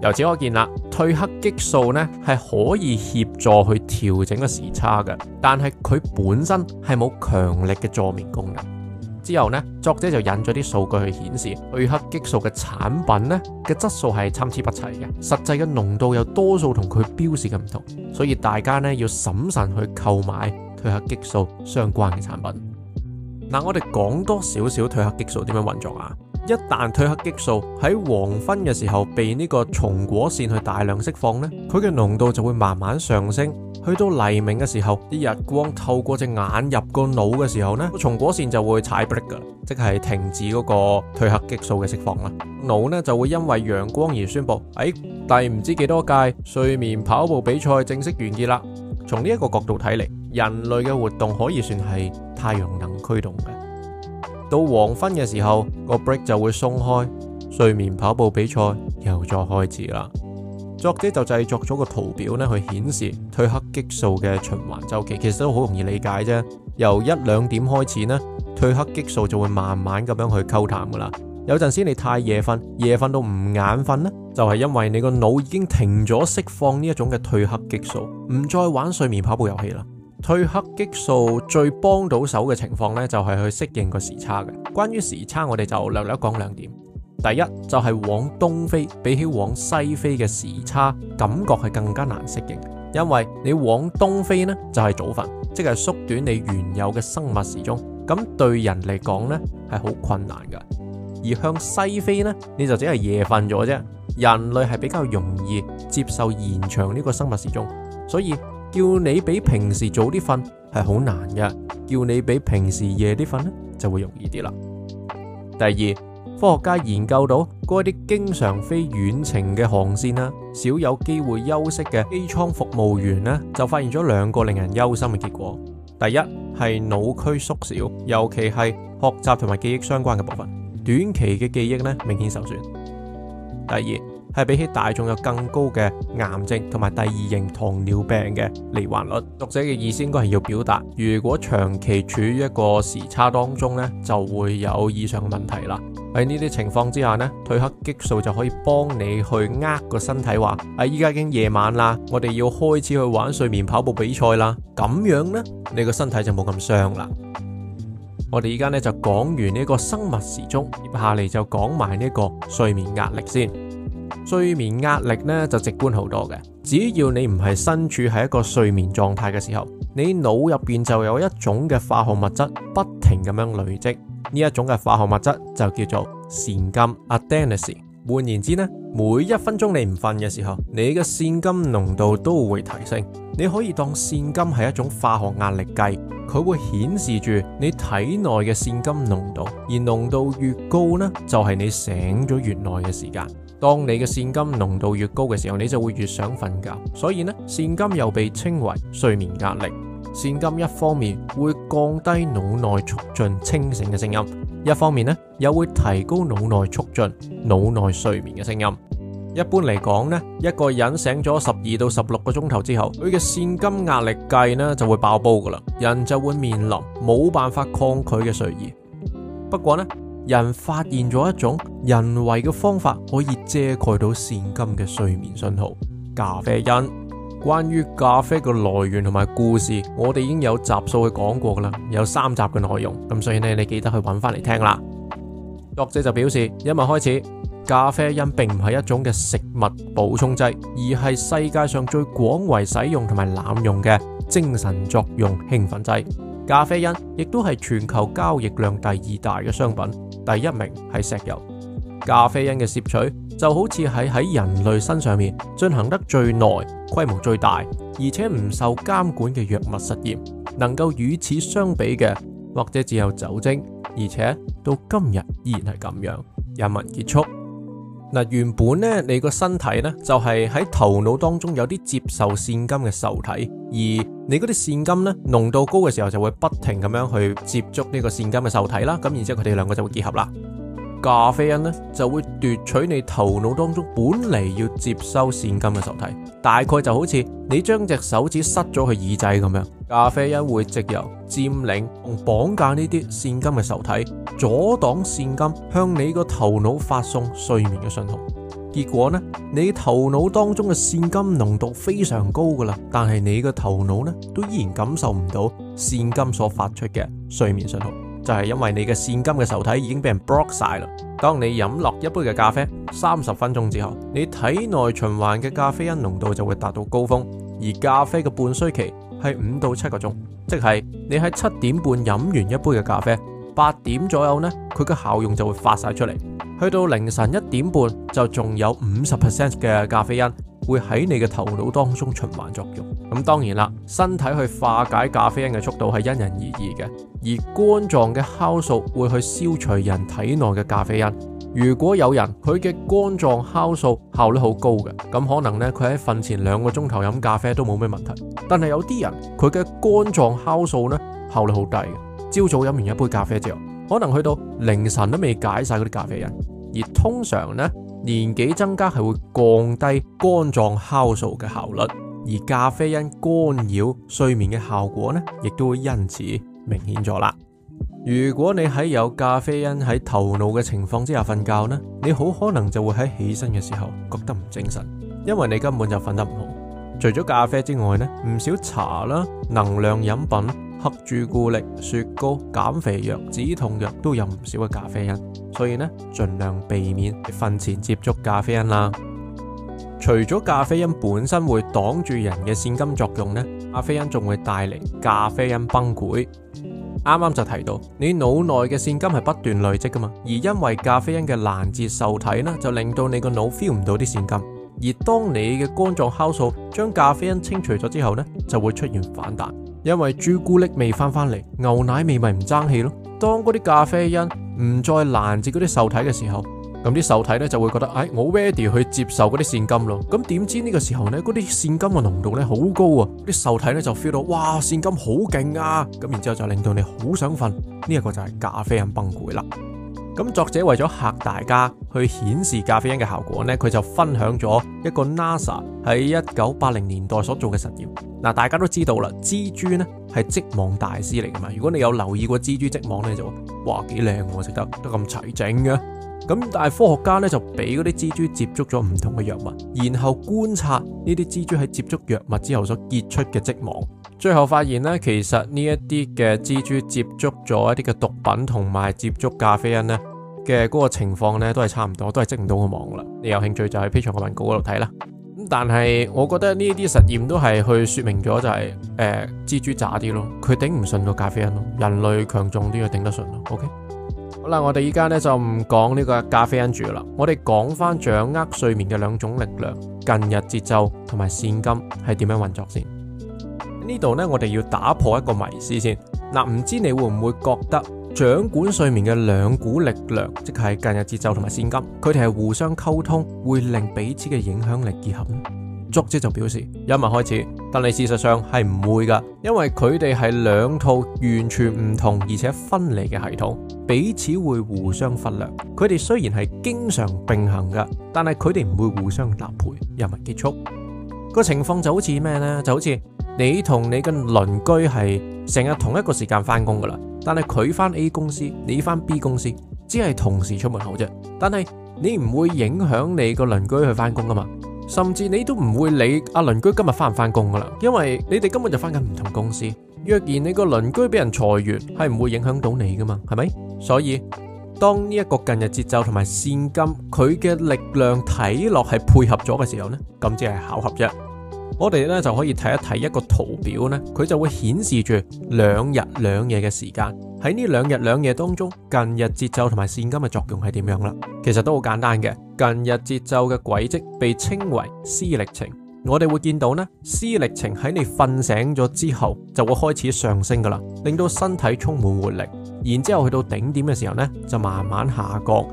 由此可見啦，褪黑激素呢係可以協助去調整個時差嘅，但係佢本身係冇強力嘅助眠功能。之後呢，作者就引咗啲數據去顯示，褪黑激素嘅產品呢嘅質素係參差不齊嘅，實際嘅濃度又多數同佢標示嘅唔同，所以大家呢，要審慎去購買褪黑激素相關嘅產品。嗱、啊，我哋講多少少褪黑激素點樣運作啊？一旦褪黑激素喺黃昏嘅時候被呢個松果腺去大量釋放呢，佢嘅濃度就會慢慢上升。去到黎明嘅時候，啲日光透過隻眼入個腦嘅時候，呢個松果腺就會踩 break 㗎，即係停止嗰個褪黑激素嘅釋放啦。腦呢就會因為陽光而宣布：哎，第唔知幾多屆睡眠跑步比賽正式完結啦。從呢一個角度睇嚟，人類嘅活動可以算係太陽能驅動嘅。到黃昏嘅時候，個 break 就會鬆開，睡眠跑步比賽又再開始啦。作者就製作咗個圖表呢，去顯示褪黑激素嘅循環週期，其實都好容易理解啫。由一兩點開始呢，褪黑激素就會慢慢咁樣去溝淡噶啦。有陣時你太夜瞓，夜瞓到唔眼瞓呢，就係因為你個腦已經停咗釋放呢一種嘅褪黑激素，唔再玩睡眠跑步遊戲啦。褪黑激素最幫到手嘅情況呢，就係去適應個時差嘅。關於時差，我哋就略略講兩點。第一就係往東飛，比起往西飛嘅時差，感覺係更加難適應，因為你往東飛呢，就係早瞓，即係縮短你原有嘅生物時鐘。咁對人嚟講呢，係好困難㗎。而向西飛呢，你就只係夜瞓咗啫。人類係比較容易接受延長呢個生物時鐘，所以。叫你比平時早啲瞓係好難嘅，叫你比平時夜啲瞓呢就會容易啲啦。第二，科學家研究到嗰啲經常飛遠程嘅航線啦，少有機會休息嘅機艙服務員呢，就發現咗兩個令人憂心嘅結果。第一，係腦區縮小，尤其係學習同埋記憶相關嘅部分，短期嘅記憶呢明顯受損。第二。係比起大眾有更高嘅癌症同埋第二型糖尿病嘅罹患率。讀者嘅意思應該係要表達，如果長期處於一個時差當中呢，就會有以上問題啦。喺呢啲情況之下呢，褪黑激素就可以幫你去呃個身體話：啊，依家已經夜晚啦，我哋要開始去玩睡眠跑步比賽啦。咁樣呢，你個身體就冇咁傷啦。我哋依家呢，就講完呢個生物時鐘，接下嚟就講埋呢個睡眠壓力先。睡眠壓力咧，就直觀好多嘅。只要你唔係身處喺一個睡眠狀態嘅時候，你腦入邊就有一種嘅化學物質不停咁樣累積，呢一種嘅化學物質就叫做腺苷 （Adenosine）。換言之呢，每一分鐘你唔瞓嘅時候，你嘅腺苷濃度都會提升。你可以當腺苷係一種化學壓力計，佢會顯示住你體內嘅腺苷濃度，而濃度越高呢就係、是、你醒咗越耐嘅時間。當你嘅腺苷濃度越高嘅時候，你就會越想瞓覺。所以呢，腺苷又被稱為睡眠壓力。腺苷一方面會降低腦內促進清醒嘅聲音，一方面呢又會提高腦內促進腦內睡眠嘅聲音。一般嚟講呢，一個人醒咗十二到十六個鐘頭之後，佢嘅腺苷壓力計呢就會爆煲㗎喇，人就會面臨冇辦法抗拒嘅睡意。不過呢，人發現咗一種人為嘅方法，可以遮蓋到腺苷嘅睡眠信號。咖啡因。關於咖啡嘅來源同埋故事，我哋已經有集數去講過㗎喇，有三集嘅內容。咁所以呢，你記得去揾返嚟聽啦。作者就表示，因為開始，咖啡因並唔係一種嘅食物補充劑，而係世界上最廣為使用同埋濫用嘅精神作用興奮劑。咖啡因亦都係全球交易量第二大嘅商品，第一名係石油。咖啡因嘅攝取就好似係喺人類身上面進行得最耐、規模最大而且唔受監管嘅藥物實驗，能夠與此相比嘅，或者只有酒精，而且到今日依然係咁樣。人民結束。嗱，原本咧，你個身體咧就係喺頭腦當中有啲接受腺苷嘅受體，而你嗰啲腺苷咧濃度高嘅時候，就會不停咁樣去接觸呢個腺苷嘅受體啦，咁然之後佢哋兩個就會結合啦。咖啡因咧就會奪取你頭腦當中本嚟要接收腺苷嘅受體，大概就好似你將隻手指塞咗去耳仔咁樣。咖啡因會藉由佔領同綁架呢啲腺苷嘅受體，阻擋腺苷向你個頭腦發送睡眠嘅信號。結果呢，你頭腦當中嘅腺苷濃度非常高噶啦，但係你個頭腦呢都依然感受唔到腺苷所發出嘅睡眠信號，就係因為你嘅腺苷嘅受體已經畀人 block 晒啦。當你飲落一杯嘅咖啡，三十分鐘之後，你體內循環嘅咖啡因濃度就會達到高峰，而咖啡嘅半衰期。係五到七個鐘，即係你喺七點半飲完一杯嘅咖啡，八點左右呢，佢嘅效用就會發晒出嚟。去到凌晨一點半，就仲有五十 percent 嘅咖啡因會喺你嘅頭腦當中循環作用。咁當然啦，身體去化解咖啡因嘅速度係因人而異嘅，而肝臟嘅酵素會去消除人體內嘅咖啡因。如果有人佢嘅肝臟酵素效率好高嘅，咁可能呢，佢喺瞓前兩個鐘頭飲咖啡都冇咩問題。但係有啲人佢嘅肝臟酵素呢，效率好低嘅，朝早飲完一杯咖啡之後，可能去到凌晨都未解晒嗰啲咖啡因。而通常呢，年紀增加係會降低肝臟酵素嘅效率，而咖啡因干擾睡眠嘅效果呢，亦都會因此明顯咗啦。如果你喺有咖啡因喺頭腦嘅情況之下瞓覺呢，你好可能就會喺起身嘅時候覺得唔精神，因為你根本就瞓得唔好。除咗咖啡之外呢，唔少茶啦、能量飲品、黑朱古力、雪糕、減肥藥、止痛藥都有唔少嘅咖啡因，所以呢，盡量避免瞓前接觸咖啡因啦。除咗咖啡因本身會擋住人嘅腺苷作用呢，咖啡因仲會帶嚟咖啡因崩潰。啱啱就提到，你腦內嘅腺苷係不斷累積噶嘛，而因為咖啡因嘅攔截受體呢，就令到你個腦 feel 唔到啲腺苷。而當你嘅肝臟酵素將咖啡因清除咗之後呢，就會出現反彈，因為朱古力味翻翻嚟，牛奶味咪唔爭氣咯。當嗰啲咖啡因唔再攔截嗰啲受體嘅時候。咁啲受體咧就會覺得哎，我 ready 去接受嗰啲腺苷咯。咁點知呢個時候呢，嗰啲腺苷嘅濃度咧好高啊，啲受體咧就 feel 到，哇，腺苷好勁啊。咁然之後就令到你好想瞓。呢、這、一個就係咖啡因崩潰啦。咁作者為咗嚇大家，去顯示咖啡因嘅效果呢，佢就分享咗一個 NASA 喺一九八零年代所做嘅實驗。嗱，大家都知道啦，蜘蛛呢係織網大師嚟㗎嘛。如果你有留意過蜘蛛織網呢，就哇幾靚喎，食得都咁齊整嘅、啊。咁但係科學家咧就俾嗰啲蜘蛛接觸咗唔同嘅藥物，然後觀察呢啲蜘蛛喺接觸藥物之後所結出嘅織網，最後發現呢，其實呢一啲嘅蜘蛛接觸咗一啲嘅毒品同埋接觸咖啡因呢嘅嗰個情況呢，都係差唔多，都係織唔到個網啦。你有興趣就喺 Patreon 嘅文稿嗰度睇啦。咁但係我覺得呢啲實驗都係去說明咗就係、是、誒、呃、蜘蛛渣啲咯，佢頂唔順個咖啡因咯，人類強壯啲嘅頂得順咯，OK。好啦，我哋依家咧就唔講呢個咖啡因住啦，我哋講翻掌握睡眠嘅兩種力量：近日節奏同埋腺苷係點樣運作先？呢度呢，我哋要打破一個迷思先。嗱，唔知你會唔會覺得掌管睡眠嘅兩股力量，即係近日節奏同埋腺苷，佢哋係互相溝通，會令彼此嘅影響力結合呢？足之就表示，因為開始，但係事實上係唔會噶，因為佢哋係兩套完全唔同而且分離嘅系統，彼此會互相忽略。佢哋雖然係經常並行噶，但係佢哋唔會互相搭配，因為結束，個情況就好似咩呢？就好似你同你嘅鄰居係成日同一個時間返工噶啦，但係佢返 A 公司，你返 B 公司，只係同時出門口啫。但係你唔會影響你個鄰居去返工噶嘛？甚至你都唔會理阿鄰居今日翻唔翻工噶啦，因為你哋根本就翻緊唔同公司。若然你個鄰居俾人裁員，係唔會影響到你噶嘛？係咪？所以當呢一個近日節奏同埋腺苷佢嘅力量睇落係配合咗嘅時候呢，咁即係巧合啫。我哋咧就可以睇一睇一個圖表呢，佢就會顯示住兩日兩夜嘅時間。喺呢兩日兩夜當中，近日節奏同埋腺苷嘅作用係點樣啦？其實都好簡單嘅。近日節奏嘅軌迹被稱為 C 歷程。我哋會見到呢「C 歷程喺你瞓醒咗之後就會開始上升噶啦，令到身體充滿活力。然之後去到頂點嘅時候呢，就慢慢下降。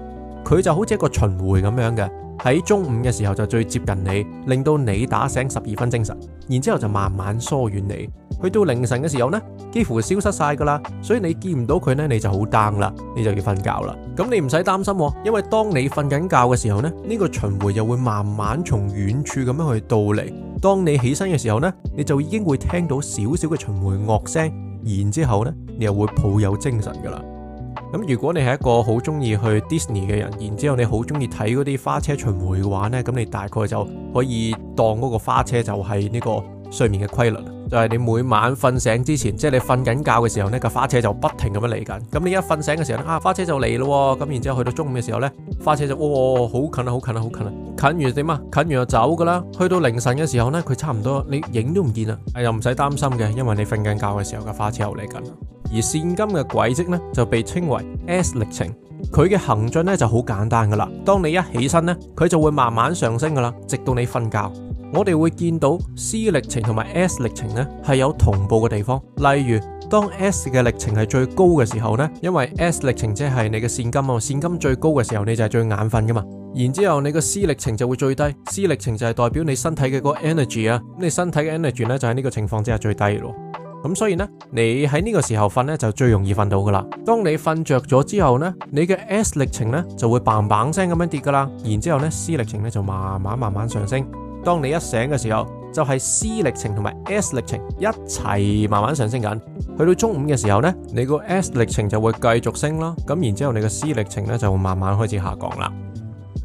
佢就好似一個循環咁樣嘅。喺中午嘅時候就最接近你，令到你打醒十二分精神，然之後就慢慢疏遠你。去到凌晨嘅時候呢，幾乎消失晒噶啦，所以你見唔到佢呢，你就好 down 啦，你就要瞓覺啦。咁你唔使擔心、哦，因為當你瞓緊覺嘅時候呢，呢、呢個巡迴又會慢慢從遠處咁樣去到嚟。當你起身嘅時候呢，你就已經會聽到少少嘅巡迴樂聲，然之後呢，你又會抱有精神噶啦。咁如果你係一個好鍾意去 Disney 嘅人，然之後你好鍾意睇嗰啲花車巡回嘅話咧，咁你大概就可以當嗰個花車就係呢個睡眠嘅規律了。就係你每晚瞓醒之前，即係你瞓緊覺嘅時候，呢個花車就不停咁樣嚟緊。咁你一瞓醒嘅時候啊，花車就嚟咯。咁然之後去到中午嘅時候呢，花車就哦，哦，好近啊，好近啊，好近啊，近完點啊？近完就走噶啦。去到凌晨嘅時候呢，佢差唔多你影都唔見啦，哎。又唔使擔心嘅，因為你瞓緊覺嘅時候，個花車又嚟緊。而腺苷嘅軌跡呢，就被稱為 S 歷程。佢嘅行進呢，就好簡單噶啦。當你一起身呢，佢就會慢慢上升噶啦，直到你瞓覺。我哋會見到 C 歷程同埋 S 歷程咧係有同步嘅地方，例如當 S 嘅歷程係最高嘅時候呢，因為 S 歷程即係你嘅腺苷啊，腺苷最高嘅時候你就係最眼瞓噶嘛然之後你嘅 C 歷程就會最低，C 歷程就係代表你身體嘅個 energy 啊，咁你身體嘅 energy 呢，就喺呢個情況之下最低咯。咁所以呢，你喺呢個時候瞓呢，就最容易瞓到噶啦。當你瞓着咗之後呢，你嘅 S 歷程呢，就會 bang bang 聲咁樣跌噶啦，然之後咧 C 歷程呢，就慢慢慢慢上升。當你一醒嘅時候，就係 C 歷程同埋 S 歷程一齊慢慢上升緊。去到中午嘅時候呢，你個 S 歷程就會繼續升啦。咁然之後你個 C 歷程呢就會慢慢開始下降啦。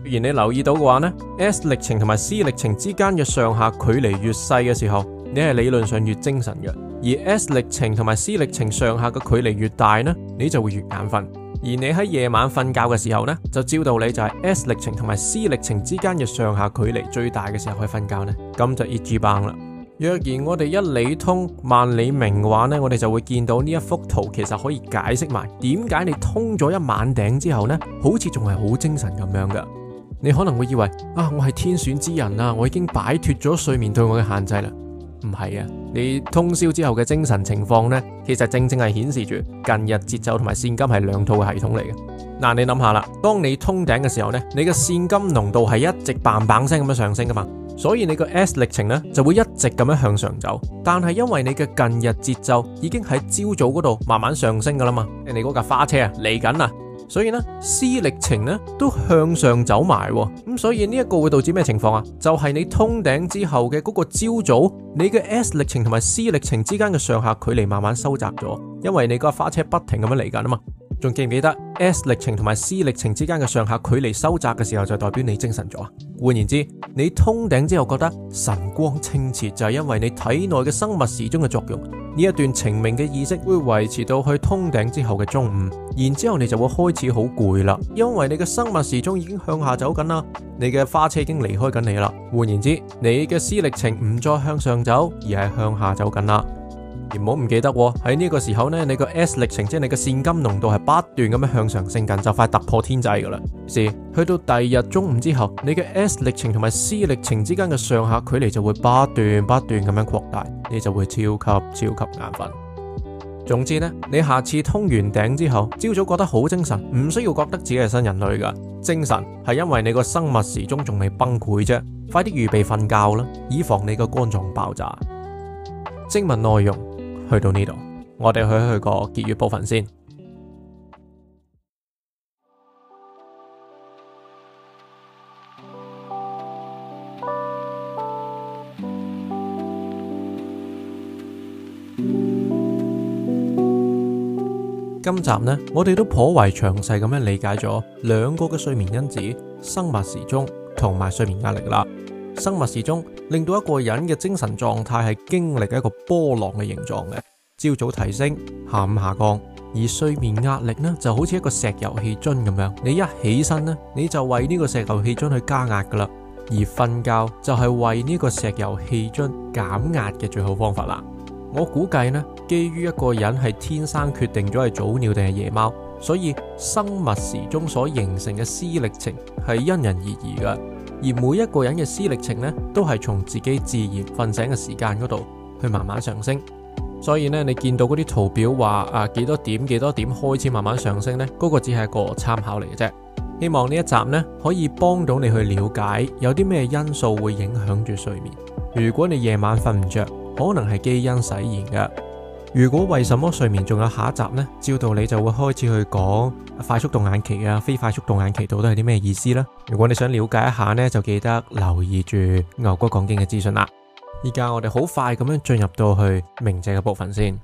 而你留意到嘅話呢，S 歷程同埋 C 歷程之間嘅上下距離越細嘅時候，你係理論上越精神嘅；而 S 歷程同埋 C 歷程上下嘅距離越大呢，你就會越眼瞓。而你喺夜晚瞓覺嘅時候呢，就照道理就係 S 歷程同埋 C 歷程之間嘅上下距離最大嘅時候去瞓覺呢，咁就熱住棒啦。若然我哋一理通萬里明嘅話呢，我哋就會見到呢一幅圖，其實可以解釋埋點解你通咗一晚頂之後呢，好似仲係好精神咁樣㗎。你可能會以為啊，我係天選之人啊，我已經擺脫咗睡眠對我嘅限制啦。唔係啊，你通宵之後嘅精神情況呢，其實正正係顯示住近日節奏同埋腺苷係兩套嘅系統嚟嘅。嗱、啊，你諗下啦，當你通頂嘅時候呢，你嘅腺苷濃度係一直棒棒聲咁樣上升噶嘛，所以你個 S 歷程呢就會一直咁樣向上走。但係因為你嘅近日節奏已經喺朝早嗰度慢慢上升噶啦嘛，你嗰架花車啊嚟緊啊。所以呢，C 歷程呢都向上走埋，啊、咁、嗯、所以呢一個會導致咩情況啊？就係、是、你通頂之後嘅嗰個朝早，你嘅 S 歷程同埋 C 歷程之間嘅上下距離慢慢收窄咗，因為你個花車不停咁樣嚟緊啊嘛。仲記唔記得 S 歷程同埋 C 歷程之間嘅上下距離收窄嘅時候，就代表你精神咗啊。換言之，你通頂之後覺得神光清澈，就係因為你體內嘅生物時鐘嘅作用。呢一段澄明嘅意識會維持到去通頂之後嘅中午，然之後你就會開始好攰啦，因為你嘅生物時鐘已經向下走緊啦，你嘅花車已經離開緊你啦。換言之，你嘅 C 歷程唔再向上走，而係向下走緊啦。唔好唔記得喎，喺呢個時候呢，你個 S 歷程即係你嘅腺苷濃度係不斷咁樣向上升緊，就快突破天際噶啦。是去到第二日中午之後，你嘅 S 歷程同埋 C 歷程之間嘅上下距離就會不斷不斷咁樣擴大，你就會超級超級眼瞓。總之呢，你下次通完頂之後，朝早覺得好精神，唔需要覺得自己係新人類噶。精神係因為你個生物時鐘仲未崩潰啫。快啲預備瞓覺啦，以防你個肝臟爆炸。精文內容。去到呢度，我哋去去個結語部分先。今集呢，我哋都頗為詳細咁樣理解咗兩個嘅睡眠因子：生物時鐘同埋睡眠壓力啦。生物時鐘令到一個人嘅精神狀態係經歷一個波浪嘅形狀嘅，朝早提升，下午下降。而睡眠壓力呢就好似一個石油氣樽咁樣，你一起身呢你就為呢個石油氣樽去加壓噶啦，而瞓覺就係為呢個石油氣樽減壓嘅最好方法啦。我估計呢，基於一個人係天生決定咗係早鳥定係夜貓，所以生物時鐘所形成嘅私歷程係因人而異噶。而每一個人嘅私歷程咧，都係從自己自然瞓醒嘅時間嗰度去慢慢上升。所以咧，你見到嗰啲圖表話啊，幾多點幾多點開始慢慢上升呢，嗰個只係一個參考嚟嘅啫。希望呢一集咧，可以幫到你去了解有啲咩因素會影響住睡眠。如果你夜晚瞓唔着，可能係基因使然噶。如果為什麼睡眠仲有下一集呢？照道理就會開始去講快速動眼期啊、非快速動眼期到底係啲咩意思啦。如果你想了解一下呢，就記得留意住牛哥講經嘅資訊啦。而家我哋好快咁樣進入到去鳴謝嘅部分先。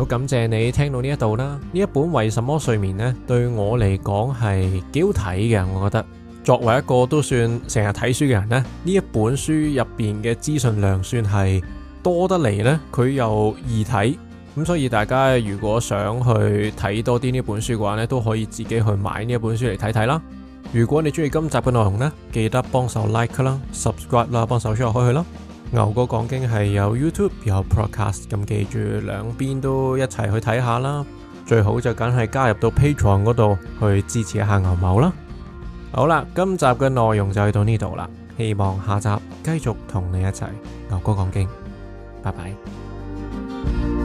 好感謝你聽到呢一度啦，呢一本為什麼睡眠呢，對我嚟講係幾好睇嘅，我覺得作為一個都算成日睇書嘅人呢，呢一本書入邊嘅資訊量算係多得嚟呢。佢又易睇，咁所以大家如果想去睇多啲呢本書嘅話呢，都可以自己去買呢一本書嚟睇睇啦。如果你中意今集嘅內容呢，記得幫手 like 啦，subscribe 啦，幫手 share 開去啦。牛哥講經係有 YouTube 有 Podcast，咁記住兩邊都一齊去睇下啦，最好就梗係加入到 Patreon 嗰度去支持一下牛某啦。好啦，今集嘅內容就去到呢度啦，希望下集繼續同你一齊牛哥講經，拜拜。